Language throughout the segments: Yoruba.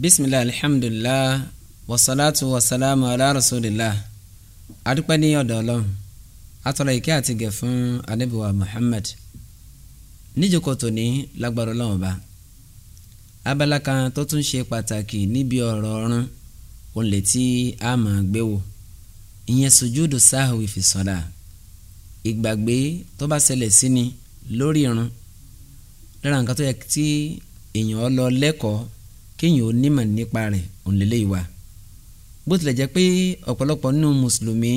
bisimilahi alihamdulilah wasalaatu wasalaamu ala rasulillah adúpẹ́ ní ọ̀dọ̀ ọlọ́run atọ́rọ ìkẹ́ àti gẹ̀ fún anabiwa muhammad níjókòó tòní lágbára ọlọ́run ọba abala kan tó tún ṣe pàtàkì níbi ọ̀rọ̀ ọ̀run òun lè tí a máa gbé wò ìyẹn sùjúdù sáhùwì fi sọ̀dà ìgbàgbé tó bá ṣẹlẹ̀ sí ni lórí irun lára nǹkan tó yẹ tí èèyàn lọ lẹ́kọ̀ọ́ kéèyàn ò nímọ̀ nípa rẹ̀ òun lè léyìí wa bó tilẹ̀ jẹ́ pé ọ̀pọ̀lọpọ̀ nínú mùsùlùmí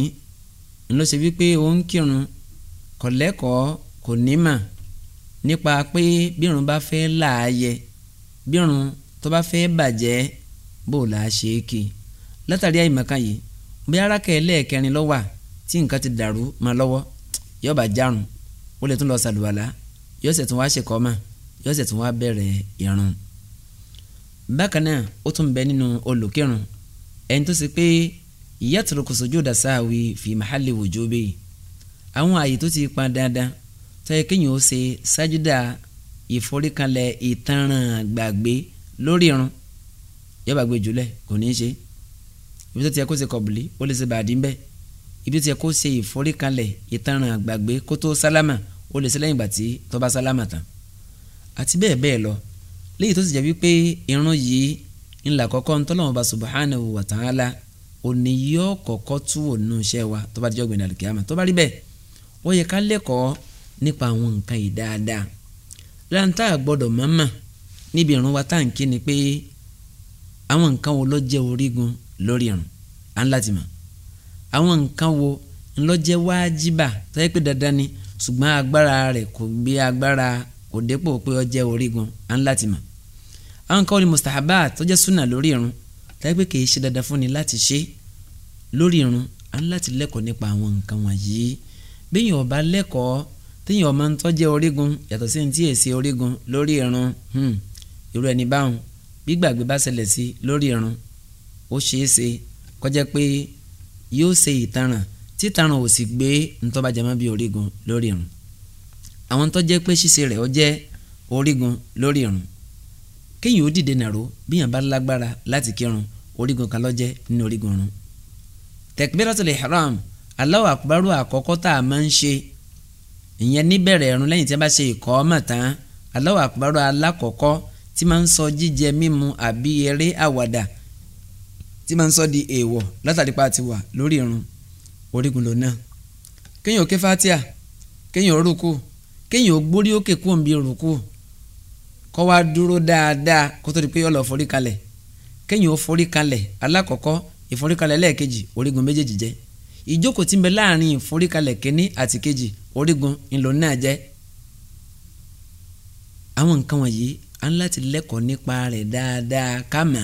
ń lọ ṣe wípé ó ń kírun kò lẹ́kọ̀ọ́ kò nímọ̀ nípa pé bírun bá fẹ́ láàyè bírun tó bá fẹ́ bàjẹ́ bó là á ṣe é kí látàrí àìmọ̀kan yìí bí arákẹ́ ẹlẹ́ẹ̀kẹrin ló wà tí nǹkan ti dàrú ma lọ́wọ́ yóò bá járun ó lè tún lọ sàlùwàlá yóò sì tún wá ṣèkọ́ mà yóò sì tún wá bẹ̀rẹ̀ ìrun bákan náà ó tún bẹ nínú olùkírun ẹni tó ṣe pé yatruku sujuda sahwi fi mahalli wujubi àwọn àyè tó ti pa dáadáa tó yẹ kéèyàn ó ṣe sájúdà ìforíkanlẹ̀ ìtanràn gbàgbé lórí irun yóò bá gbé jùlẹ̀ kò ní í ṣe ibi tó ti yẹ kó ṣe kọ̀bùlì ó lè ṣe bàdí ńbẹ ibi tó ti yẹ kó ṣe ìforíkanlẹ̀ ìtanràn gbàgbé kó sálámà ó lè ṣe lẹ́yìn ìgbà tí tó sálámà tán àti bẹ́ẹ̀ bẹ́ẹ̀ lọ léyìí tó sì jẹ́ wípé irun yìí ńlá kọ́kọ́ ntọ́lọ́mọba subhanahu wa ta'ala òní yóò kọ́kọ́ tú ònú iṣẹ́ wa tó bá dijọ́ gbẹ̀dẹ̀ àlùkìyàmà tó bá rí bẹ́ẹ̀ ó yẹ ká lẹ́kọ̀ọ́ nípa àwọn nǹkan yìí dáadáa láǹtà gbọ́dọ̀ mọ́mọ́ níbi irun wa tá ni pé àwọn nǹkan wo ló jẹ́ orígun lórí irun à ń láti mọ̀ àwọn nǹkan wo ńlọ́jẹ́ wájibà tó yẹ pé dandan ni ṣùgbọ́n agbára rẹ̀ kò gbé agbára odepo dépò pé ó jẹ́ orígun à láti mọ̀ àwọn kan ní mustahabat tó jẹ́ irun tàbí pé kìí ṣe dandan fún ni láti ṣe irun an láti lẹ́kọ̀ọ́ nípa àwọn nǹkan wọ̀nyí bíyàn ọba lẹ́kọ̀ọ́ tíyàn ọmọ ń tọ́jẹ́ orígun yàtọ̀ sí ní tí èsì lórí irun hmm, irú ẹni báwọn gbígbàgbé bá ṣẹlẹ̀ sí irun ó ṣeé ṣe kọjá pé yóò ṣe ìtaràn títaràn ò sì gbé ntọ́bajàmọ́ bíi orígun lórí irun àwọn tó jẹ́ pé ṣíṣe rẹ̀ ó jẹ́ orígun lórí irun kéèyàn ó dìde nàró bíyàn bá lágbára láti kírun orígun kan ló jẹ́ nínú orígun irun takbiratul ihram Allahu akbaru àkọ́kọ́ tá a máa ń ṣe ìyẹn níbẹ̀rẹ̀ irun lẹ́yìn tí a bá ṣe ìkọ́mà tán Allahu akbaru alákọ̀ọ́kọ́ tí máa ń sọ jíjẹ mímu àbí eré àwàdà tí máa ń sọ di èèwọ̀ látàrí pa àti wà lórí irun orígun lò náà kéèyàn ó ké fatia kéèyàn ó rúkú kéèyàn ó gbórí òkè kúrò níbi rùkú kó wá dúró dáadáa kó tó di pé yọ lọ forí kalẹ̀ kéèyàn ó forí kalẹ̀ alákọ̀ọ́kọ́ ìforíkalẹ̀ lẹ́ẹ̀kejì orígun méjèèjì jẹ́ ìjókòó tí ń bẹ láàrin ìforíkalẹ̀ kínní àti kejì orígun ńlò náà jẹ́ àwọn nǹkan wọ̀nyí a ń láti lẹ́kọ̀ọ́ nípa rẹ̀ dáadáa kámà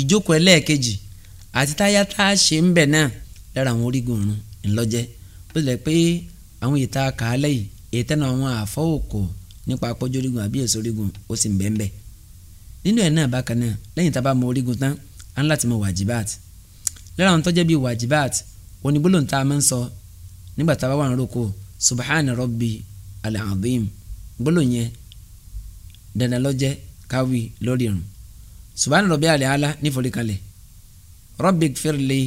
ìjókòó ẹlẹ́ẹ̀kejì àti táyà tá a ṣe ń bẹ náà lára àwọn orígun ọ̀run ńlọ́jẹ́ bó tilẹ̀ pé àwọn ìta kàálẹ̀ yìí ìtẹ́nu àwọn àfọ́ òkò nípa apọ́jọ́rígun àbí èso orígun ó sì ń bẹ́ẹ̀ bẹ́ẹ̀ nínú ẹ̀ náà bákan náà lẹ́yìn tá a bá mọ orígun tán á ń láti mọ wàjibáàt lára àwọn tọ́jẹ́ bíi wàjibáàt onígbólóhùn tá a máa ń sọ nígbà tá a bá wà ń roko subhana rabbi al gbólóhùn yẹn dandan lọ́jẹ́ káwí lórí irun subhana rabbi al-ala níforíkalẹ̀ rabbi gfirli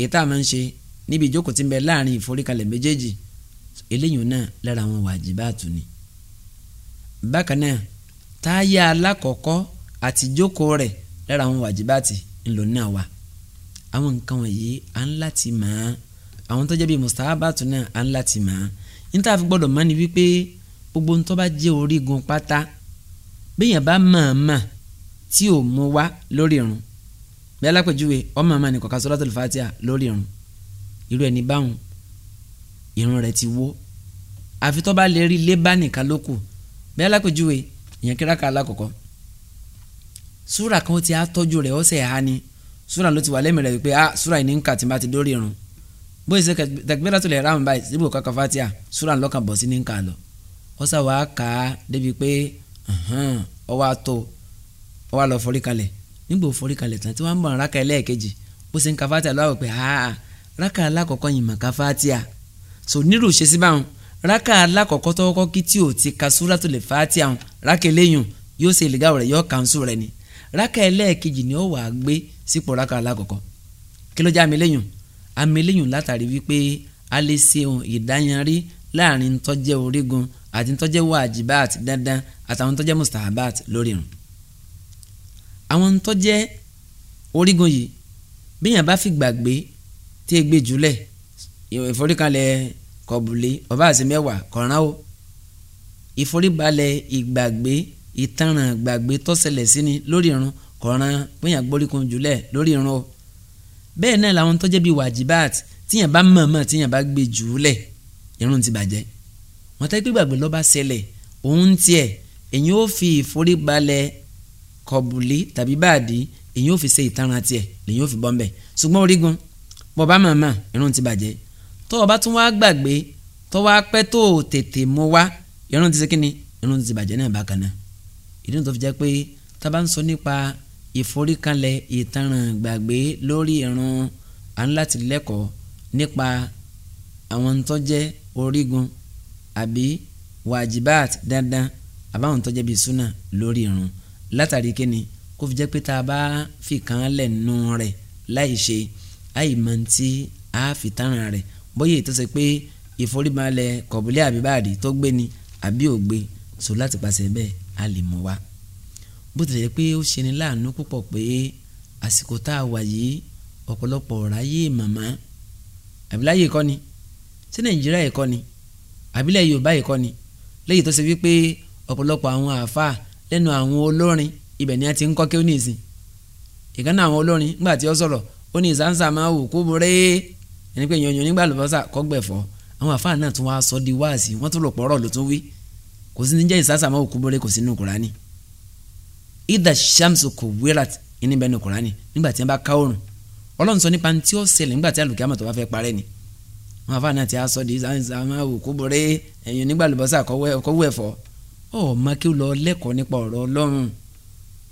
èyí tá a máa ń ṣe níbi ìjókòó tí ń bẹ láàrin ìforíkalẹ̀ méjèèjì eléyìí náà lára àwọn wàjibáàtù ni. bákan náà táyà alákọ̀ọ́kọ́ àtijókòó rẹ̀ lára àwọn wàjibáàtì ńlò náà wà. àwọn nǹkan wọ̀nyí à ń láti mọ̀ á àwọn tó jẹ́ bíi mustahabatu náà à ń láti mọ̀ á. níta fi gbọ́dọ̀ mọ̀ ni wípé gbogbo ń tó bá jẹ́ orígun pátá béèyàn bá mọ̀ọ́mọ̀ tí ò mú wá lórí irun bí alápèjúwe ọmọ àmà ní kọ̀ọ̀kan sọ́dọ̀ tó lè fàtíà lórí irun irú ẹni báwọn irun rẹ̀ ti wó àfi tó bá lè rí lébà nìkan ló kù bí alákòjúwe ìyẹn kíráka alákọ̀ọ́kọ́ súrà kan ti á tọ́jú rẹ̀ ọ̀sẹ̀ ha ni súrà ló ti wà lẹ́mìí rẹ̀ wípé ah súrà yìí ní nkà tí n bá ti dórí irun bóyá ṣe takbiratul ihram báyìí síbò kọ́kọ́ fatia súrà lọ́kàn bọ̀ sí ní nkà lọ ọ̀sà wàá kà á débi pé ó wá tó ó wá kalẹ̀ nígbà forí kalẹ̀ tán tí wọ́n ń bọ̀ rákà ẹlẹ́ẹ̀kejì bó ṣe ń ka fatia lọ́wọ́ pé ah alákọ̀ọ́kọ́ yìí mà ka fatia so nírú ṣe sí báwọn rákà alákọ̀ọ́kọ́ tọ́kọ́ kí tí ò ti ka súrátù lè fàátì àwọn rákà eléyìn yóò ṣe ìlẹ́gà rẹ̀ yọ kàǹsù rẹ̀ ni rákà ẹlẹ́ẹ̀kejì ni ó wà á gbé sípò rákà alákọ̀ọ́kọ́ kí ló jẹ́ àmì eléyìn àmì eléyìn látàrí wípé a lè ṣe ohun ìdáyanrí láàrin tọ́jẹ́ orígun àti tọ́jẹ́ wàjibat dandan àtàwọn tọ́jẹ́ mustahabat lórí irun àwọn tọ́jẹ́ orígun yìí bí èèyàn bá fi gbàgbé tí e gbé jùlẹ̀ ìforíkalẹ̀ kọ̀bùlé ọba àti mẹ́wàá kọ̀ọ̀rán o ìforíbalẹ̀ ìgbàgbé ìtanràn gbàgbé tó ṣẹlẹ̀ sí ni lórí irun kọ̀ọ̀ràn péyàn gbóríkun jùlẹ̀ lórí irun o bẹ́ẹ̀ náà làwọn tó jẹ́ bíi wàjibáàt tíyàn bá mọ̀ọ́mọ̀ tíyàn bá gbé jùlẹ̀ irun ti bàjẹ́ wọ́n tẹ́ gbígbàgbé lọ́ba ṣẹlẹ̀ òun tiẹ̀ èyí ó fi ìforíbalẹ̀ kọ̀bùlé tàbí báàdì èyí ó fi ṣe ìtanràn tiẹ̀ lèyí ó fi bọ́ ṣùgbọ́n orígun bọ́ba mọ̀ọ́mọ̀ irun ti bàjẹ́ tó o bá tún wá gbàgbé tó wá pẹ́ tó o tètè mú wá irun ti ṣe kí ni irun ti bàjẹ́ náà bákan náà ìdí tó fi jẹ́ pé tá a bá ń sọ nípa ìforíkanlẹ̀ ìtanràn gbàgbé lórí irun à ń láti lẹ́kọ̀ọ́ nípa àwọn tó orígun àbí wàjibat dandan àbáwọn tó bíi súnà lórí irun látàrí kíni kó fi jẹ́ pé tá a bá fi kàn án lẹ̀ nù rẹ̀ láì ṣe àìmọ̀ tí a fi tanràn rẹ̀ bóyá ètò ṣe pé ìforíbalẹ̀ kọ̀bùlẹ̀ àbíbáàdì tó gbé ni àbí ògbé so láti pàṣẹ bẹ́ẹ̀ a lè mú wa bó tilẹ̀ jẹ́ pé ó ṣe ni láàánú púpọ̀ pé àsìkò tá a wà yìí ọ̀pọ̀lọpọ̀ ráyè màmá àbíláyè kọ́ ni sí nàìjíríà ẹ̀kọ́ ni àbílẹ̀ yorùbá ẹ̀kọ́ ni lẹ́yìn tó ṣe wípé ọ̀pọ̀lọpọ̀ àwọn àáfàá lẹ́nu àwọn olórin ibẹ̀ ni a ti ń kọ́ kí ó ní ìsìn ìkànnì àwọn olórin nígbà tí ó sọ̀rọ̀ ó ní ìsánsá máa wò kó burẹ́ ẹni pé yanyan nígbà lọ́bọ́sà kọ́gbẹ̀fọ́ àwọn àfáà náà tún wá sọ di wáàsí wọ́n tún lò pọ̀rọ̀ ló tún wí kò sí ní jẹ́ ìsásàmọ́ òkú bóré kò sí nínú kùránì ìdá sàmsù kò wíra ní bẹ́ẹ̀ nínú kùránì nígbà tí wọ́n bá ká òrùn ọlọ́run sọ nípa tí ó ṣẹlẹ̀ nígbà tí àlùkìyámà tó bá fẹ́ parẹ́ ni àwọn àfáà náà ti sọ di ìsásàmọ́ òkú bóré ẹ̀yàn nígbà lọ́bọ́sà kọ́wẹ́fọ́ ọ̀ ma kí ó lọ lẹ́kọ̀ọ́ nípa ọ̀rọ̀ ọlọ́run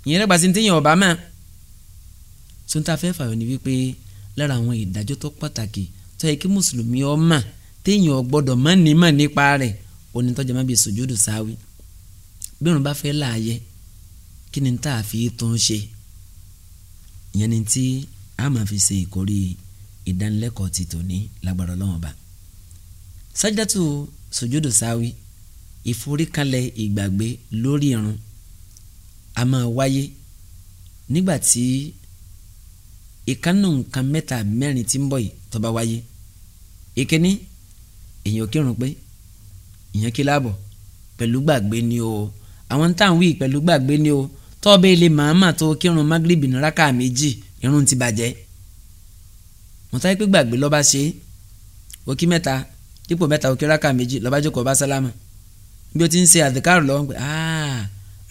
ìyẹn lẹ́gbàá sí ní lára àwọn ìdájọ́ tó pàtàkì tó yẹ kí mùsùlùmí ó mọ̀ téèyàn ò gbọ́dọ̀ má ní mọ̀ nípa rẹ̀ onítọ́jà má bíi sùjúdù sáwí bí òun bá fẹ́ láàyè kí ni tá a fi tún ṣe ìyẹn ni tí a máa fi ṣe ìkórè ìdánilẹ́kọ̀ọ́ ti tòní lágbára Ọlọ́run Ọba sájúdátù sùjúdù sáwí ìforíkalẹ̀ ìgbàgbé lórí irun a máa wáyé nígbà tí ìkànnù nǹkan mẹ́ta mẹ́rin tí ń bọ̀ yìí tó bá wáyé ìkíní èèyàn kírun pé èèyàn kí láàbọ̀ pẹ̀lú gbàgbé ni o àwọn táwọn wí pẹ̀lú gbàgbé ni o tọ́ọ̀bẹ ilé màámà tó kírun magrebi ní rákà méjì irun ti bàjẹ́ mo táyé pé gbàgbé lọ́ba ṣe é òkí mẹ́ta dípò mẹ́ta òkí rákà méjì lọ́ba jókòó bá sálámà bí o ti ń ṣe àdìkárò lọ́wọ́ pé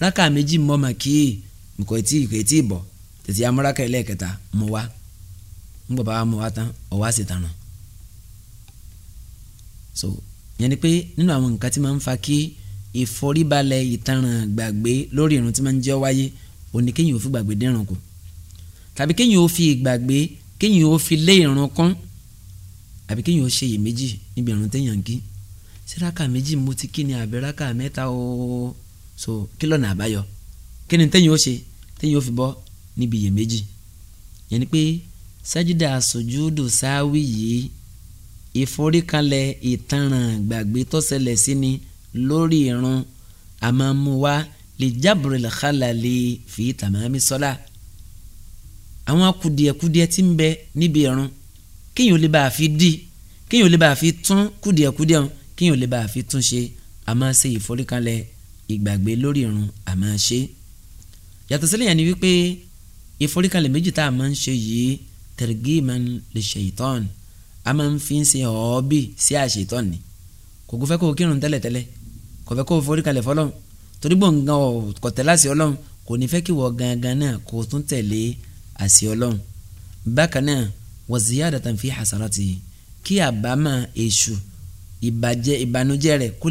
rákà méjì mọ́ màkì kò tí ì bọ̀ tètè amúraka ẹlẹ́ẹ̀kẹta mú wá ńgbà bá mú wá tán ọ̀wá sì so yẹn ni pé nínú àwọn nǹkan tí máa ń fa kí ìforíbalẹ̀ ìtanràn gbàgbé lórí irun tí máa ń jẹ́ wáyé òní kéyìn ò fi gbàgbé dẹ́rùn kù tàbí kéyìn ò fi gbàgbé kéyìn ò fi lé irun kún àbí kéyìn ò ṣe iyèméjì níbi irun téèyàn kí síraka méjì mo ti kí ni àbẹ̀raka mẹ́ta o so kí lọ́nà àbáyọ kí ni téèyàn ó ṣe téèyàn ó fi bọ́ níbi iyèméjì yẹn ni pé sájúdà sùjúdù sáwì yìí ìforíkalẹ̀ ìtanràn gbàgbé tó ṣẹlẹ̀ sí ni lórí irun àmàmúwa lè jábùrẹ̀ làkàlà lè fi tàmámi sọ́lá àwọn kùdìẹ̀kùdìẹ̀ tí ń bẹ níbi irun kéèyàn lè bá a fi dì kéèyàn lè bá a fi tún kùdìẹ̀kùdìẹ̀ hàn kéèyàn lè bá a fi tún ṣe a ṣe ìforíkalẹ̀ ìgbàgbé lórí irun a ṣe yàtọ̀ sílẹ̀ yẹn ni wípé ìforíkalẹ̀ méjì tá a máa ń ṣe yìí tẹ̀rẹ̀gìmọ̀ lè ṣe ìtọ́n a máa ń fi ń ṣe ọ̀ọ́bì sí àṣẹ ìtọ́n ni kò kò fẹ́ kó kírun tẹ́lẹ̀tẹ́lẹ̀ kò fẹ́ kó foríkalẹ̀ fọlọ́n torí bò ń gan ọ̀ kọ̀tẹ́ láṣẹ ọlọ́run kò ní fẹ́ kí wọ́n gangan náà kó tún tẹ̀lé àṣẹ ọlọ́run bákan náà wa ziyadatan fi hasarati kí àbámà èṣù ìbànújẹ́ rẹ̀ kó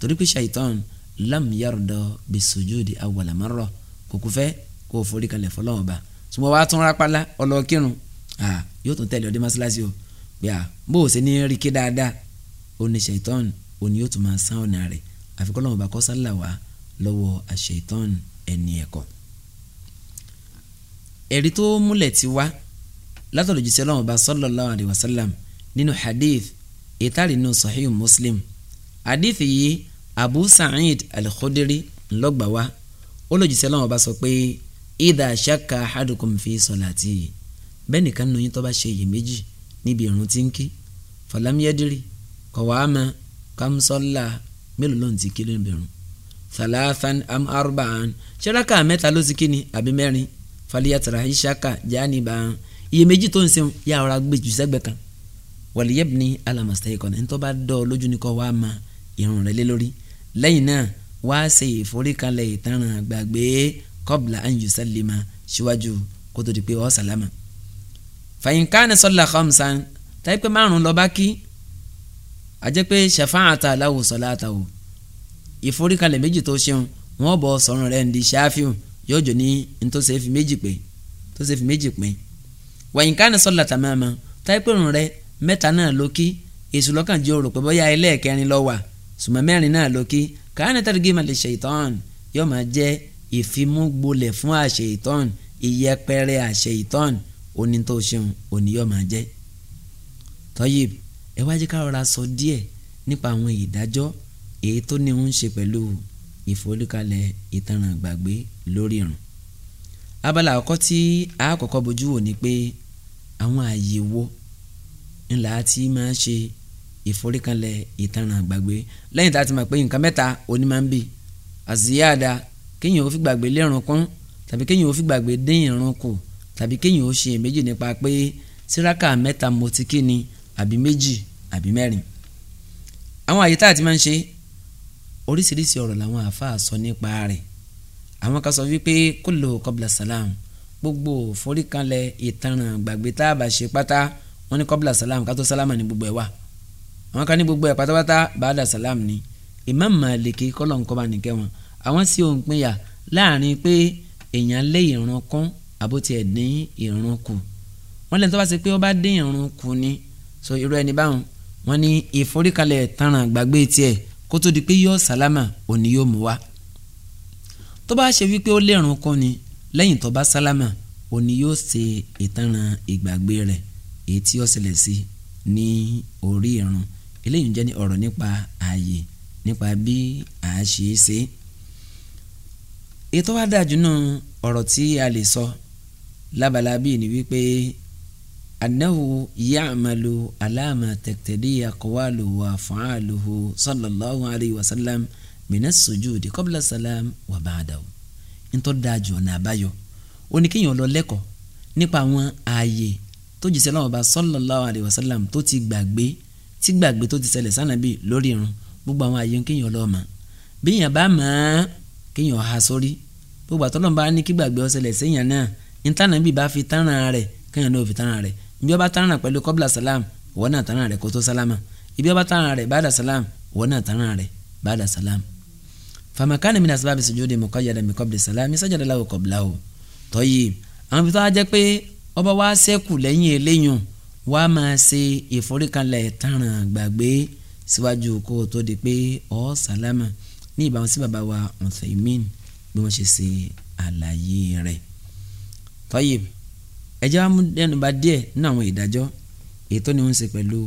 torí pé ṣàìtàn lam yàrúdọ̀ bí sujudi awwala marra kò kú fẹ́ kó o forí kalẹ̀ fọlọ́wọ́ bá ṣùgbọ́n wàá tún rápálá ọlọ́kírun yóò tún tẹ̀lé ọdẹ mọ́ṣáláṣí o pé à bó o ṣe ní rí kí dáadáa ó ní ṣàìtàn ó ní yóò tún máa sán ọ̀nà rẹ̀ àfikọ́lọ́wọ́ bá kọ́ sálà lọ́wọ́ àṣàìtàn ẹni ẹ̀kọ́ ẹ̀rí tó múlẹ̀ ti wá látọ̀dọ̀ lọ́wọ́ bá sallallahu alaihi nínú hadith ìtàrí nínú Muslim hadith yìí abu sa'id al-khudri ńlọgbà wa ó lòjìṣẹ́ lọ́wọ́ bá sọ pé idha shakka ahadukum fi salati bẹ́ẹ̀ nìkan nìyí tó bá ṣe iyèméjì níbi ìrun tí ń kí falam yadri kò kam salla mélòó ló ń ti kí lóbi ìrun thalathan am arba'an ṣẹ́ráka mẹ́ta ló ti kí ni àbí mẹ́rin faliyatara ishaka janiba iyèméjì tó ń sẹ́wọ̀n yà ọ̀rá gbé kan wàlíyẹ́bìnrin alamasta ikọ̀ ní tó bá dọ̀ lójú ni kò irun rẹ lé lórí lẹ́yìn náà wá ṣe ìforíkalẹ̀ ìtaràn gbàgbé kọ́bla anyu sálẹ̀mà síwájú kó tó di pé ọ́ sàlámà. fàyínká ni sọ́lá khamsan táìpé márùn lọ́ba kí ajẹ́ pé ṣàfáàtà aláwò sọ́lá àtàwò ìforíkalẹ̀ méjì tó ṣeun wọ́n bọ̀ sọ̀rọ̀ rẹ̀ ndí ṣáfíù yóò jò ní ntòsẹ́ fi méjì pé wàyínká ni sọ́lá tàmáàmà táìpé rùn rẹ mẹ́ta náà lókì èṣù lọ́kàn jẹ́ pé bóyá ẹlẹ́ẹ̀kẹrin ló wà sùmọ́ mẹ́rin náà lókì káàní targima li shaitan yóò máa jẹ́ ìfimúgbolẹ̀ fún àṣeyìtọ́n ìyẹpẹrẹ àṣeyìtọ́n oní tó ṣeun òní yóò máa jẹ́ Tayyib ẹ wá jẹ́ ká rọra sọ díẹ̀ nípa àwọn ìdájọ́ èyí tó ní ń ṣe pẹ̀lú ìforíkalẹ̀ ìtanràn gbàgbé lórí irun abala àkọ́kọ́ tí a kọ́kọ́ bójú wò ni pé àwọn àyè wo ńlá tí máa ṣe ìforíkanlẹ̀ ìtanràn gbàgbé lẹ́yìn tá a ti mọ̀ pé nǹkan mẹ́ta òní máa ń bì àzíyáàdá kéèyàn ó fi gbàgbé lẹ́rùn kún tàbí kéèyàn ó fi gbàgbé dín ìrun kù tàbí kéèyàn ó ṣe èméjì nípa pé síráka mẹ́ta mo ti kí ni àbí méjì àbí mẹ́rin àwọn àyè tá a ti máa ń ṣe oríṣiríṣi ọ̀rọ̀ làwọn àáfàá sọ nípa rẹ̀ àwọn kan sọ wípé kúlò kọ́bla salam gbogbo foríkanlẹ̀ ìtanràn gbàgbé tá a bá ṣe pátá wọn ní kọ́bla salam kátó salama ni gbogbo ẹ̀ wà àwọn kan ní gbogbo ẹ̀ pátápátá bàdà sàlám ni Imam Maliki kọ́lọ̀ ńkọ́ bá nìkẹ́ wọn àwọn sì ò ń pinya láàrin pé èèyàn lé ìrun kún àbótí ẹ̀ dín ìrun kù wọ́n lẹ́nu tó bá ṣe pé ó bá dín ìrun kù ni so irú ẹni báwọn wọ́n ní ìforíkalẹ̀ tanràn gbàgbé tiẹ̀ kó tó di pé yóò sálámà òní yóò mú wa tó bá ṣe wípé ó lérun kún ni lẹ́yìn tó bá sálámà òní yóò ṣe ìtanràn ìgbàgbé rẹ̀ èyí tí ó ṣẹlẹ̀ sí ní orí ìrun eléyìí jẹ́ ní ọ̀rọ̀ nípa ààyè nípa bí a ṣe é ṣe. ètò wa dájú náà ọ̀rọ̀ tí a lè sọ lábala bíi ni wípé annahu ya'malu alama taqtadi aqwaluhu wa af'aluhu sallallahu alayhi wa sallam minas sujudi qabla salam wa ba'dahu ntọ́ dájú ọ̀nà àbáyọ oníkéèyàn lọ lẹ́kọ̀ọ́ nípa àwọn ààyè tó jìṣẹ́ lọ́wọ́ sallallahu alayhi wa sallam tó ti gbàgbé tí gbàgbé tó ti ṣẹlẹ̀ sànàbì lórí irun gbogbo àwọn àyè kéèyàn lọ́ọ́ mọ̀ bí èèyàn bá mọ̀ ọ́ kéèyàn ha sórí gbogbo àtọ́nà bá ní kí gbàgbé ó ṣẹlẹ̀ séèyàn náà ntànàbì bá fi tánra rẹ̀ kéèyàn náà fi tánra rẹ̀ ibi ọba tánra pẹ̀lú kọ́bla salam wọ́n náà tánra rẹ̀ kó tó sálámà ibi ọba tánra rẹ̀ bá dà salam wọ́n náà tánra rẹ̀ bá dà salam. famakana mi na sábà bisu jóde mọ̀kọ́ yàrá mi kọ́bla salam mi sájà dalawo kọ́bla o tọ́yì àwọn ibi tó wá jẹ́ pé ọba wá sẹ́kù lẹ́yìn eléyìn wá máa ṣe ìforíkanlẹ̀ tààràn gbàgbé síwájú kó o tó di pé ọ́ sálámà ní ìbámu sí bàbá wa Uthaymin bí wọ́n ṣe ṣe àlàyé rẹ̀. tọ́yì ẹjẹ́ wa mú ẹnu bá díẹ̀ nínú àwọn ìdájọ́ ètò ni wọ́n ṣe pẹ̀lú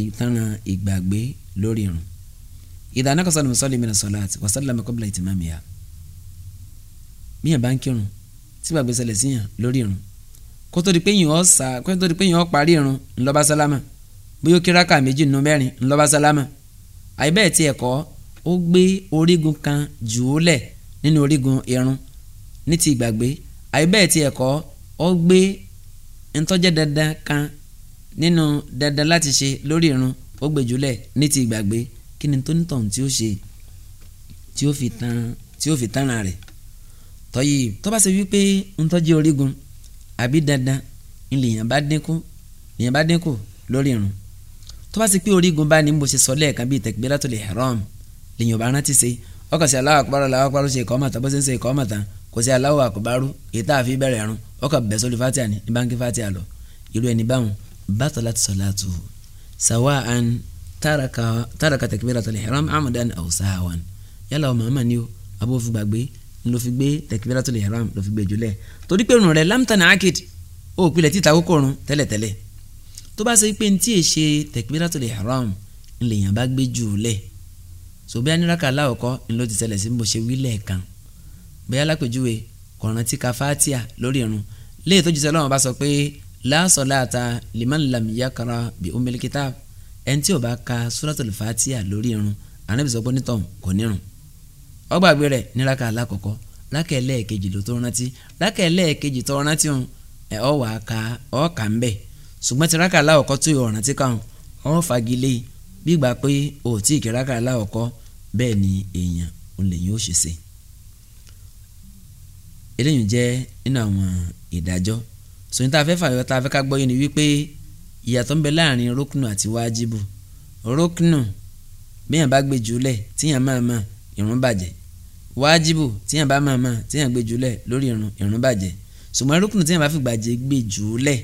ìtàràn ìgbàgbé lórí irun ìdá anákọ̀sọ́ ni mùsọ́lì mìíràn sọ́lá àti wàsálàmù kọ́bìlà ìtìmáàmì yá míyàn bá ń kírun kó tó di pé yìnyín ọ̀sà kó tó di pé yìnyín ọ̀parí irun ńlọ́ba sálámà bóyá kíráka méjì nínú mẹ́rin ńlọ́ba sálámà àìbẹ́ẹ̀ tí ẹ̀kọ́ ó gbé orígun kan jù ú lẹ̀ nínú orígun irun ní ti ìgbàgbé àìbẹ́ẹ̀ tí ẹ̀kọ́ ó gbé ntọ́jẹ́ dandan kan nínú dandan láti ṣe lórí irun ó gbé jù lẹ̀ ní ti ìgbàgbé kí ni tó nítàn tí ó ṣe tí ó fi tán tí rẹ̀ tọ́yì tó bá ṣe wípé ntọ́jẹ́ orígun àbí dandan ńlẹ̀yìn bá dínkù lèyìn bá dínkù lórí irun tó bá ti pé orígun bá ní mo ṣe sọ lẹ́ẹ̀kan bíi takbiratul ihram lèyìn ò bá rántí ṣe ọkàn sí Allahu akbar Allahu akbar ṣe ìkọ́ màtá bó ṣe ń ṣe ìkọ́ màtá kò sí Allahu akbar ètò àfi bẹ̀rẹ̀ irun ọkàn bẹ̀ sórí fatia ní ní báńkì fatia lọ irú ẹni báwọn batalat salatuhu sawa'an taraka takbiratul ihram amadan aw sahwan yálà ọmọ àmà ni ó abófin gbàgbé ló fi gbé takbiratul ihram ló fi gbé jùlẹ̀ torí pé òrùn rẹ̀ lamtana akid ó pilẹ̀ títa kókó òrùn tẹ́lẹ̀tẹ́lẹ̀ tó bá ṣe pé ní tí èṣe takbiratul ihram ńlẹ̀yìn bá gbé jùlẹ̀ so bí aniraka aláwọ̀kọ́ ńlọ ti ṣẹlẹ̀ sí bó ṣe wílẹ̀ kan bẹ́ẹ̀ alápèjúwe kọ̀ọ̀ràn tí ka fatia lórí irun léè tó jùsọ̀ lọ́wọ́ bá sọ pé la salata liman lam yakra bi ummil kitab ẹni tí ò bá ka suratul fatia lórí irun ànábìsọ̀gbọ́n nítọ̀ kò nírun ó gbàgbé rẹ̀ ní rákà alákọ̀ọ́kọ́ rákà ẹlẹ́ẹ̀kejì ló tó rántí rákà ẹlẹ́ẹ̀kejì tó rántí òun ẹ̀ ọ́ wàá ka ọ́ kà ń bẹ̀ ṣùgbọ́n ti rákà alákọ̀ọ́kọ́ tó yọ ọ̀rántí káwọn ọ́ fagilé gbígbà pé ò tí ì kí rákà alákọ̀ọ́kọ́ bẹ́ẹ̀ ni èèyàn òun lèyìn ó ṣe ṣe eléyìí jẹ́ nínú àwọn ìdájọ́ sòyìn tá a fẹ́ fàyọ tá a fẹ́ ká gbọ́ yìí ni wípé ìyàtọ̀ ń bẹ láàrin rókùnù àti wájibù rókùnù bíyàn bá gbé jùlẹ̀ tíyàn máa ma ìrun bàjẹ́ wájibù tíyàn bá máa máa tíyàn gbé jùlẹ̀ lórí irun irun bàjẹ́ ṣùgbọ́n rúkùnù tíyàn bá fi gbàjẹ́ gbé jùlẹ̀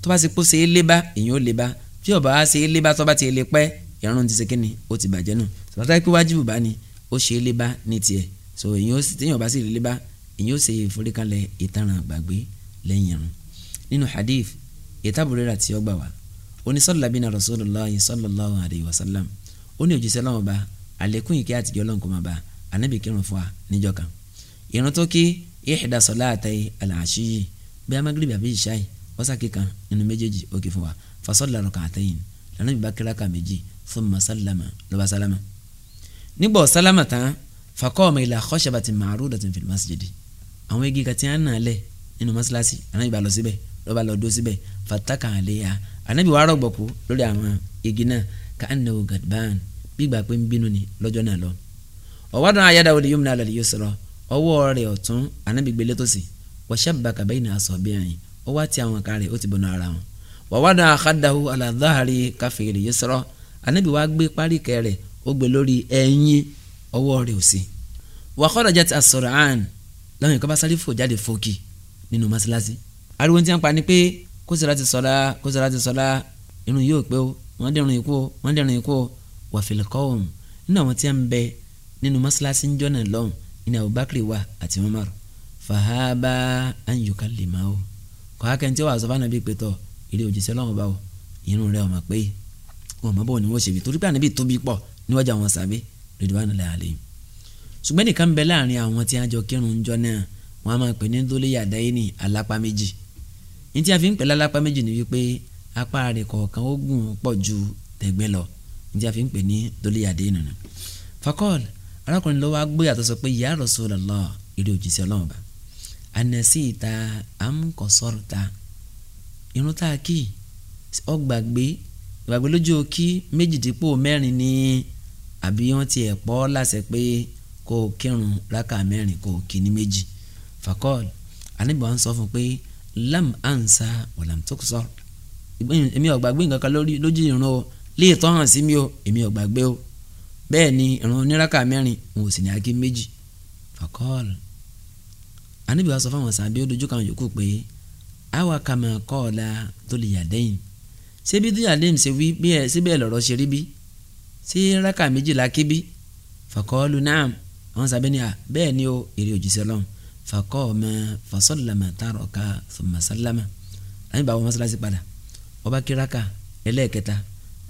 tó bá ti kó ṣe é lébá èyàn ó lébá tí ọba á ṣe é lébá tó bá ti lè pẹ́ irun ti ṣe kí ni ó ti bàjẹ́ nù ṣùgbọ́n tó bá pé wájibù bá ni ó ṣe é lébá ní tiẹ̀ so èyàn ó tíyàn bá sì lè lébá èyàn ó ṣe ìforíkalẹ̀ ìtaràn àgbàgbé lẹ́yìn irun nínú hadith ìtàbùrẹ́rà tí ó gbà wá onísọ́lábìnà rasulillah sallallahu alayhi wa sallam ó ní òjíṣẹ́ lọ́wọ́ bá àlékún ìkẹ́ àtijọ́ lọ́nkọ́ máa bá anabi kírun fún wa níjọ́ kan irun tó kí ìhìdá sọlá àtàyè àlàáṣí yìí bí amagiribi àbí ìṣáì ọ̀sà kíkan nínú méjèèjì ó kí fún wa fasọ́lá rọ̀kà àtẹ̀yìn lànà bíbá kíráka méjì fún masálámà lọ́ba sálámà nígbà sálámà tán fakọ́ọ̀mù ilà khashabatin ma'rudatin fil masjidi àwọn igi kàtí á nà lẹ̀ nínú mọ́sálásí ànábì bá lọ síbẹ̀ lọ́ba lọ dó síbẹ̀ fataka àléyà ànábì wàá rọ̀gbọ̀kú lórí àwọn igi náà ká ànáwó ọ̀wádùn ayáda wòle yóò mú alẹ́ yóò sọ̀rọ̀ ọwọ́ rẹ̀ ọ̀tún anábì gbélé tó sì wọ́ṣẹ́ bàkà bẹ́yìn náà sọ bí ẹ̀yìn ó wá ti àwọn kan rẹ̀ ó ti bọ̀nà ara wọn. wọ́wádùn akadahu aladahari káfíìrì yóò sọ̀rọ̀ anábì wá gbé parí kẹrẹ̀ ó gbé lórí ẹ̀yìn ọwọ́ rẹ̀ òsì. wàhọ́dà jẹ́ ti asọ̀rọ̀ àn lọ́yìn kọ́ bá nínú mọ́ṣáláṣí ń jọ́nà lọ́hùn ní Abubakar wà àti Umar fàhábà anyuka lè máa o kọ́ akẹ́ntì wà sọ́fà nàbí pẹ̀tọ́ ilé òjíṣẹ́ lọ́wọ́ bá o irun rẹ̀ ọ̀mà pé wọn mọ̀ bọ́ ni wọ́n ṣe bí torí pé ànábì tóbi pọ̀ níwájú àwọn sàbẹ̀ ridwan alayhi ṣùgbọ́n nìkan ń bẹ láàrin àwọn tí a jọ kírun jọ náà wọn a máa pè ní dólé yàda yìí ní alápá méjì ní tí a fi ń pè lálápá méjì ni wípé apá rẹ̀ kọ̀ọ̀kan ó gùn pọ̀ ju tẹ̀gbẹ́ lọ ní tí a fi ń pè ní dólé yàda yìí nìyẹn fakọ́ọ̀lù arákùnrin ló wá gbé àtọ́sọ pé ya Rasulullah eré òjíṣẹ́ ọlọ́run bá anasita am qasarta irun tá a kì ó gbàgbé ìgbàgbé lójú òkì méjì mẹ́rin ni àbí wọ́n ti ẹ̀ pọ́ láṣẹ pé kó o kírun rákà mẹ́rin kó o kì ní méjì fakọ́l anábì wọn sọ fún pé lam ansa wàlám tó sọ èmi ò nǹkan kan lójú ìrun o lè tọ́ hàn sí mi o èmi ò o bẹ́ẹ̀ ni ìrun oníraka mẹ́rin wọn ò sì ní akí méjì fàkọ́ọ̀lù ànábì wa sọ fáwọn sàbí ó dojú kan yòókù pé àwa kàmà kọ́ọ̀lá tó lè yà dẹ́yìn ṣébi tó yà dẹ́yìn ṣe wí bí ẹ síbẹ̀ lọ́rọ̀ ṣe rí bí ṣé raka méjìlá kí bí fàkọ́ọ̀lù náà àwọn sàbí ni à bẹ́ẹ̀ ni ó èrè òjíṣẹ́ lọ́hùn fàkọ́ọ̀mà fàṣọ́lámà tààrọ̀ká fàmàṣálámà àyìnbá wọn mọ́ṣáláṣí padà ó kí raka ẹlẹ́ẹ̀kẹta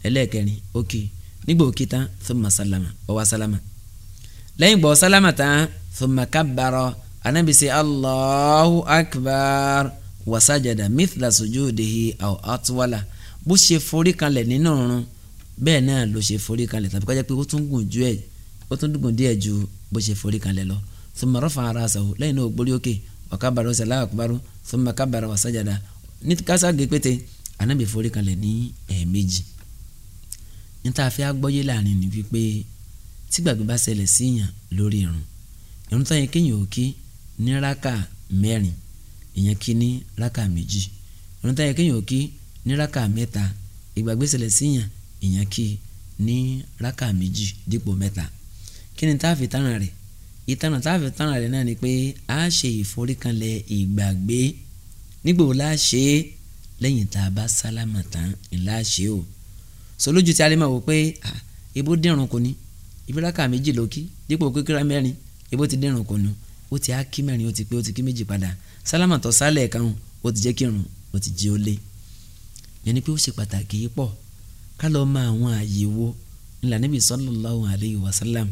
ẹlẹ́ẹ̀kẹrin ókè okay nígbà òkè tán thumma sálámà ọwọ́ sálámà lẹ́yìn gbọ́ sálámà tán thumma kábàárọ̀ anábì ṣe allahu akbar wa sajada mithla sujudihi aw atwala bó ṣe forí kanlẹ̀ nínú ọ̀run bẹ́ẹ̀ náà ló ṣe forí kanlẹ̀ tàbí kọjá pé ó tún gùn ju ẹ̀ ó tún gùn díẹ̀ ju bó ṣe forí kanlẹ̀ lọ thumma rafa'a ra'sahu lẹ́yìn náà ó òkè wa kabbara wa Allahu akbar thumma ní kásá gé anábì forí kanlẹ̀ ní ẹ̀ẹ̀mejì níta fi agbọ́yé láàrin ni wípé tí gbàgbé bá ṣẹlẹ̀ síyàn lórí irun irun tó yẹ kéèyàn ò kí ní rákà mẹ́rin èèyàn kí ní rákà méjì irun tó yẹ kéèyàn ò kí ní rákà mẹ́ta ìgbàgbé ṣẹlẹ̀ síyàn èèyàn kí ní rákà méjì dípò mẹ́ta kí ni táàfì tánà rẹ̀ ìtànà táàfì tánà rẹ̀ náà ni pé a ṣe ìforíkanlẹ̀ ìgbàgbé nígbò la ṣe lẹ́yìn tá a bá sálámà tán ńlá o sọlójú tí alẹ́mọ̀ wò pé ibo ah, dẹ̀rùn kò ní ibi rákà méjì lókì dípò kíkíra mẹ́rin ibo ti dẹ̀rùn kò ní ó ti á kí mẹ́rin ó ti pé ó ti kí méjì padà sálámà tó sálẹ̀ kan ó ti jẹ́ kírun ó ti jí ó lé yẹn ni pé ó ṣe pàtàkì pọ̀ ká lọ́ọ́ máa àwọn àyè wo ńlá níbi sallallahu alayhi wa sallam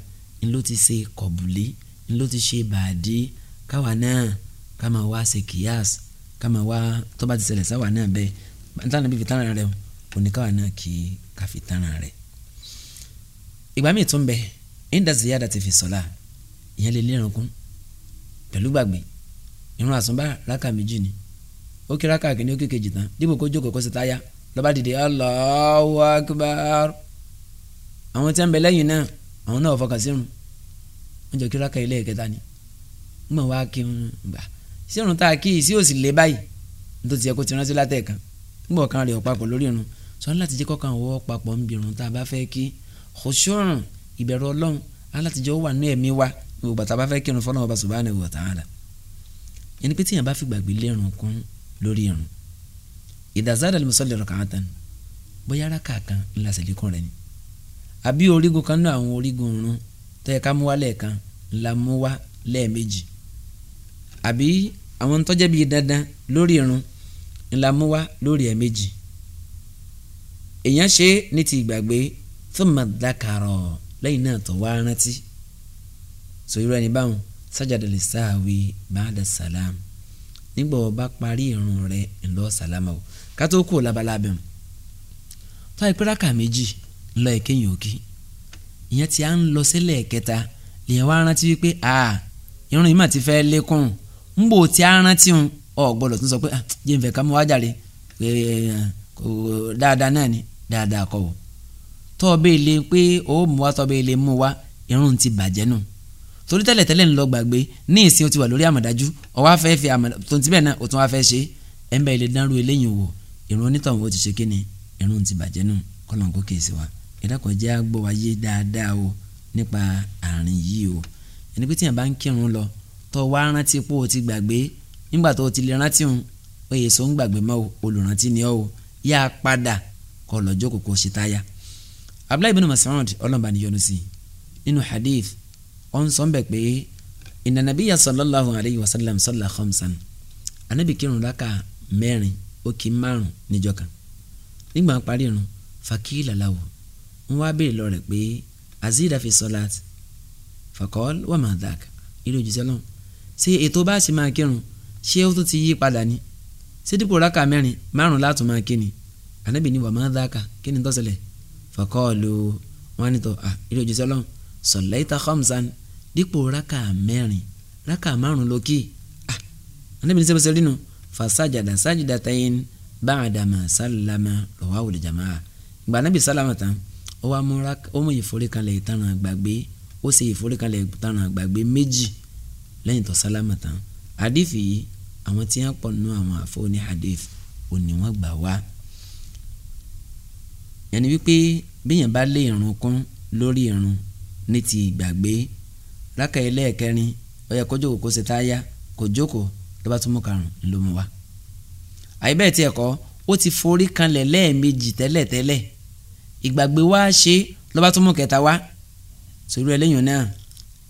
ńlọ ti ṣe kọ̀bùlé ńlọ ti ṣe bàdí káwa náà ká máa wá ṣe kíyàs ká máa wá tó bá ti ṣẹlẹ̀ sáwa náà bẹ́ẹ̀ ntànàbí fi tánà rẹ̀ òní káwa náà kì í káfi tánra rẹ̀ ìgbà míì tún bẹ ẹ̀ńdà ziyada ti fi sọ̀la ìyẹn lè lérun kún pẹ̀lú gbàgbé irun àsùnbà rákà méjì ni ó kí rákà kìíní ó kí kejì tán dípò kó jókòó kó sì táyà lọ́ba dìde Allahu akbar àwọn tí wọ́n bẹ lẹ́yìn náà àwọn náà fọkàn sí irun wọ́n jọ kí rákà ilé ẹ̀kẹta ni ń mọ̀ wá kí irun gbà sí irun tá a kí sí òsì lé báyìí nítorí ẹ kó ti rántí látẹ̀ẹ̀kan ń bọ̀ kan rè ọ̀pápọ̀ lórí irun sọ láti jẹ́ kọ́kàn wọ́ papọ̀ ń bìrùn tá a bá fẹ́ kí khushu'un ìbẹ̀rù ọlọ́run láti jẹ́ ó wà ní ẹ̀mí wa ìwògbà tá a bá fẹ́ kírun fọ́nà ọba subhanahu wa ta'ala yẹn ni pé tíyẹn bá fi gbàgbé lérun kún lórí irun idha zada al-musalli rak'atan bóyá rákà kan ńlá sẹ̀lẹ̀kùn rẹ̀ ni àbí orígun kan náà àwọn orígun irun tẹ́yẹ ká mú wá lẹ́ẹ̀kan ńlá mú wá lẹ́ẹ̀mejì àbí àwọn tó bíi dandan lórí irun ńlá mú wá lórí ẹ̀ẹ̀mejì èèyàn ṣe ní ti ìgbàgbé thumma dhakara lẹ́yìn náà tó wá rántí so irú ẹni báwọn sajada li sahwi ba'da salam nígbà ó bá parí irun rẹ̀ ńlọ sàlámà o kátó kú labalábẹ́ mu tó àìpé rákà méjì ńlọ ìkéyìn òkì ìyẹn ti à ń lọ sílẹ̀ kẹta lèyìn wá rántí wípé a irun yìí mà ti fẹ́ lékún ń bò tí a rántí òun ọ̀ gbọ́dọ̀ tó sọ pé jẹ́ ìfẹ́ ká mú wájà rè dáadáa náà ni dáadáa kọ́ o tọ́ bẹ́ẹ̀ lé pé ó mú wa tọ́ bẹ́ẹ̀ lé mú wa irun ti bàjẹ́ nù torí tẹ́lẹ̀ tẹ́lẹ̀ ń lọ gbàgbé ní ìsìn o ti wà lórí àmọ̀dájú ọwọ́ afẹ́ fi àmọ̀dájú bẹ́ẹ̀ náà o tún wá fẹ́ ṣe ẹ̀ ń bẹ́ẹ̀ lè dánrú eléyìí wò irun onítọ̀hún o ti ṣe kíni irun ti bàjẹ́ nù kọ́lọ́ǹkó kèsì wa ìdákọ̀ jẹ́ àgbọ̀ wáyé dáadáa o nípa àárín yìí o ẹni pé tíyẹn bá ń kírun lọ tó wá rántí pé o ti gbàgbé nígbà tó o ti lè rántí òun oyè sọ ń gbàgbé mọ́ olùrántí ni ọ́ o yá a padà kọ́ lọ jókòó kó ṣe táyà abdullahi bin masoud ọlọ́mọba ni yọnu sí nínú hadith ọ̀n sọ ń bẹ̀ pé inna nabiyya sallallahu alayhi wa sallam salla khamsan anabi kírun rákà mẹ́rin ó kì í márùn níjọ́ kan nígbà parí irun fakila lahu ń wá béèrè lọ rẹ̀ pé azida fi salat fakọ́l wa ma dhak ilé òjíṣẹ́ lọ́n ṣe ètò bá ṣe máa kírun ṣé ó tún ti yí padà ni ṣé dípò rákà mẹ́rin márùn látún máa kí ni anabi ni wa dáka kí ni tọ́sẹ̀lẹ̀ fàkọ́ọ̀lù wọn ni tọ́ à ah, ilé òjì sọlọ́n sọ̀lẹ́ta khamsan dípò rákà mẹ́rin rákà márùn lókì ah, à anabi ni sẹ́bẹ̀ sẹ́rí nu fasajada sajidatayin báàdàmà sálàmà lọ́wọ́ àwòlẹ̀ jamaa ìgbà anabi sálàmà tán ó wá mú ìforíkalẹ̀ ìtanràn àgbàgbé ó ṣe ìforíkalẹ̀ ìtanràn àgbàgbé méjì lẹ́yìn tó salama tán àdìfì yìí àwọn tí wọ́n pọ̀ nínú àwọn àfọwọ́ ní àdìfì òní wọ́n gbà wá yẹn ni wípé bíyàn bá lé irun kún lórí irun ní ti ìgbàgbé rákà ẹlẹ́ẹ̀kẹrin ó yẹ kó jókòó kó ṣe táyà kó jókòó ló bá tún mú karùn ló mú wa. àìbẹ́ẹ̀ tiẹ̀ kọ́ ó ti forí kanlẹ̀ lẹ́ẹ̀mejì tẹ́lẹ̀tẹ́lẹ̀ ìgbàgbé wa ṣe ló bá tún mú kẹta wá sórí ẹlẹ́yìn náà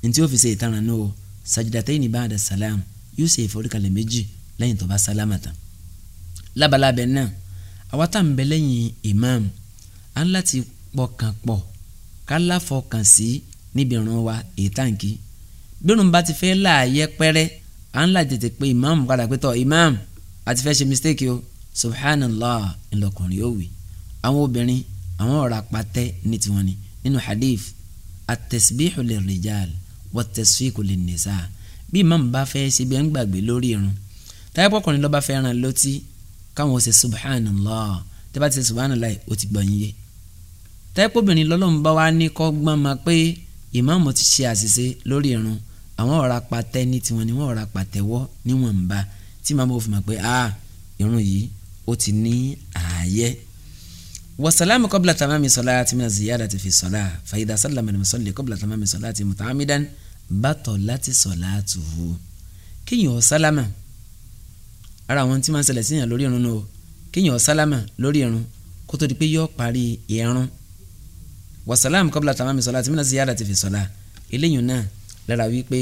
ní tí ó fi ṣe ìtanràn náà o sàjìdàtẹ́yìn ní báàdà sàlám yóò ṣe ìforíkalẹ̀ méjì lẹ́yìn tó bá sálámà tán. lábalábẹ́ náà àwa tá à ń bẹ lẹ́yìn imam á ń láti pọkàn pọ̀ ká láfọkàn sí níbi wa èyí tàǹkì bí ìrun bá ti fẹ́ láàyè pẹ́rẹ́ à ń là tètè pé ìmáàmù padà pé tọ́ ìmáàmù àti fẹ́ ṣe mistake o subhanallah ńlọkùnrin ó wì àwọn obìnrin àwọn ọ̀rọ̀ apatẹ́ ní tiwọn ni nínú hadith at-tasbihu lirrijal wat-tasfiku linnisa bí imam bá fẹ́ ṣe bí ẹ̀ ń gbàgbé lórí irun táyà pọ̀kùnrin lọ́ba fẹ́ lọ́tí káwọn ó ṣe subhanallah tẹ́ bá ti ṣe subhanallah ó ti gbọ̀nyìn tẹ́pọ̀bìnrin lọ́lọ́run bá wá ní kọ́gbọ́n ma pé ìmáàmù ti ṣe àṣìṣe lórí irun àwọn ọ̀rá patẹ́ ní tiwọn ni wọ́n ọ̀rá patẹ́wọ́ níwọ̀n ń ba tí màmá òfin mọ̀ pé a irun yìí ó ti ní ààyè. wasalamu kọ́bla tamami sọlá àti mina ziyada ti fi sọlá fàyidà sálàmù ni musọ́lẹ̀ kọ́bla tamami sọlá àti mutamidan bàtọ̀ láti sọlá tuhu. kínyìn ọ̀ sálámà ara àwọn tí máa ń ṣẹlẹ̀ síyàn lórí irun náà kínyìn ọ̀ sálámà lórí irun kó di pé yọ parí irun wasalam kabla tamami salati mina ziyadati fi sọlá eléyìí náà lára wípé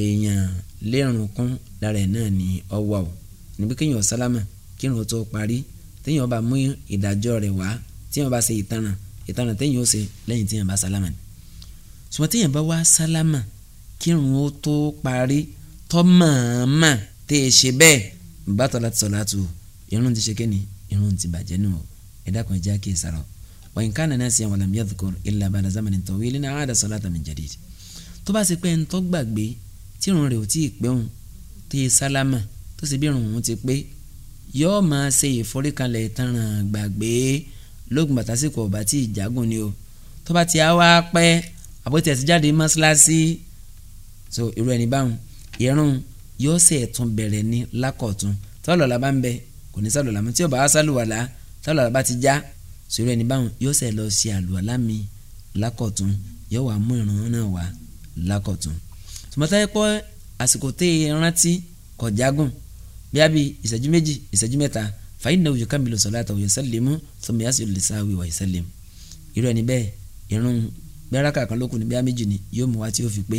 èèyàn lérun kún lára ẹ̀ náà ní ọwọ́ o níbi kéèyàn sálámà kírun tó parí téèyàn bá mú ìdájọ́ rẹ̀ wá téèyàn bá ṣe ìtanràn ìtanràn téèyàn ó ṣe lẹ́yìn téèyàn bá sálámà ni ṣùgbọ́n téèyàn bá wá sálámà kírun ó tó parí tọ́ màmá tẹ́ ẹ ṣe bẹ́ẹ̀ bàtọ́ láti sọ̀ látù irun ti ṣe kéènì irun ti bàjẹ́ nù ẹ dákun ẹ jẹ́ kí ẹ sára o wa in kana nasiyan wa lam yadhkur illa ba'da zamanin tawilin aada salata min jadid tó bá ṣe pé ń tó gbàgbé tírun rẹ̀ ò tí ì pé òun tó yẹ sálámà tó sì bí irun òun ti pé yóò máa ṣe ìforíkalẹ̀ ìtanràn gbàgbé lóògùn bàtàsíkò ọ̀bà tí ìjágùn ni o tó bá ti á wá pẹ́ àbótí ẹ̀ jáde mọ́ṣáláṣí so irú ẹni báwọn ìrun yóò ṣe ẹ̀tún bẹ̀rẹ̀ ní lákọ̀tún tọ́lọ̀lá bá ń bẹ kò ní sálọ̀lá mọ́ tí ọba á sálùwàlá tọ́lọ̀lá bá ti já sọ̀rọ̀ ẹni báwọn yóò ṣe lọ ṣe àlùwàlá mi lákọ̀tún yóò wá mú ìrun náà wá lákọ̀tún. tòmọ́tà ẹ pọ́ àsìkò tẹ́ ẹ rántí kọjágùn bíi àbí ìṣẹ́jú méjì ìṣẹ́jú mẹ́ta fàyín náà òyìnká mi lọ sọ̀lá àtàwọn yusallimu thumma yasilu lisahwi wa yusallim. irú ẹni bẹ́ẹ̀ ìrun gbẹ́rẹ́ kàkan lókun ní bíi méjì ni yóò mú wá tí yóò fi pé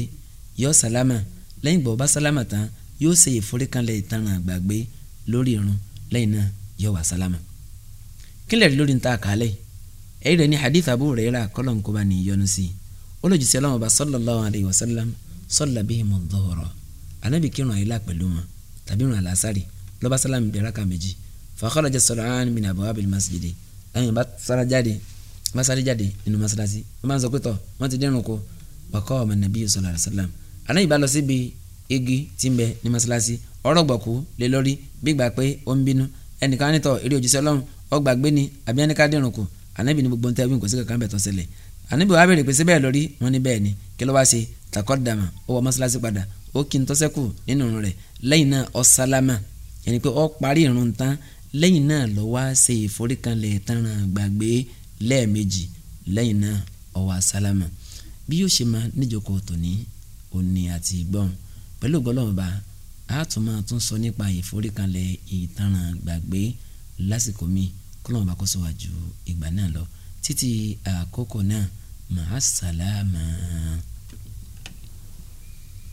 yóò sálámà lẹ́yìn gbọ́ bá sálámà tán yóò ṣe ìforíkanlẹ̀ ìtanràn àgbàgbé lórí ìrun lẹ́yìn náà yóò wá sálámà kílẹ̀ rí lórí nta àkàlẹ̀ ẹ̀rí rẹ̀ ní hadith Abu Hurairah kọ́lọ̀ nkó bá níyọnu sí i ó lọ jùsí ọlọ́mọba sallallahu alayhi wa sallam salla bihimu dhuhra anábì kírun àyílá pẹ̀lú wọn tàbí rún àlásàrì lọ́ba sálàmù bẹ̀rẹ̀ rákà méjì fa kharaja sar'an min abwabil masjidi láyìn bá sára jáde bá sáré jáde nínú masalasi wọ́n máa ń sọ wọ́n ti dẹ́rùn kó wàkọ́ ọmọ nàbí sallallahu alayhi sallam anábì bá lọ síbi igi tí ń bẹ ní masalasi ọ̀rọ̀ gbọ̀kú lé lórí bí gbà pé ó ń bínú ẹnìkan ní tọ̀ eré òjúṣe ọlọ́run ọgbàgbé ni àbí ẹni ká dẹrùn kù ànábì ní gbogbo ń tẹ́wé nǹkan sí kankan bẹ̀ tó ṣẹlẹ̀ ànábì wàá bèrè pé síbẹ̀ lórí wọn ní bẹ́ẹ̀ ni kí ló wá ṣe takọ́dàmà ó wọ mọ́ṣáláṣí padà ó kí n tọ́sẹ́kù nínú rẹ̀ lẹ́yìn náà ó sálámà yẹn ni pé ó parí ìrun tán lẹ́yìn náà ló wá ṣe ìforíkanlẹ̀ tanran gbàgbé lẹ́ẹ̀mejì lẹ́yìn náà ó wá sálámà bí yóò ṣe máa níjókòó tòní òní àti ìgbọ́n pẹ̀lú ògbọ́lọ́mọba a tún sọ nípa ìforíkanlẹ̀ ìtanràn gbàgbé lásìkò míì kọ́lọ́mù bá kó síwájú ìgbà náà lọ títí àkókò náà màá sàlámà.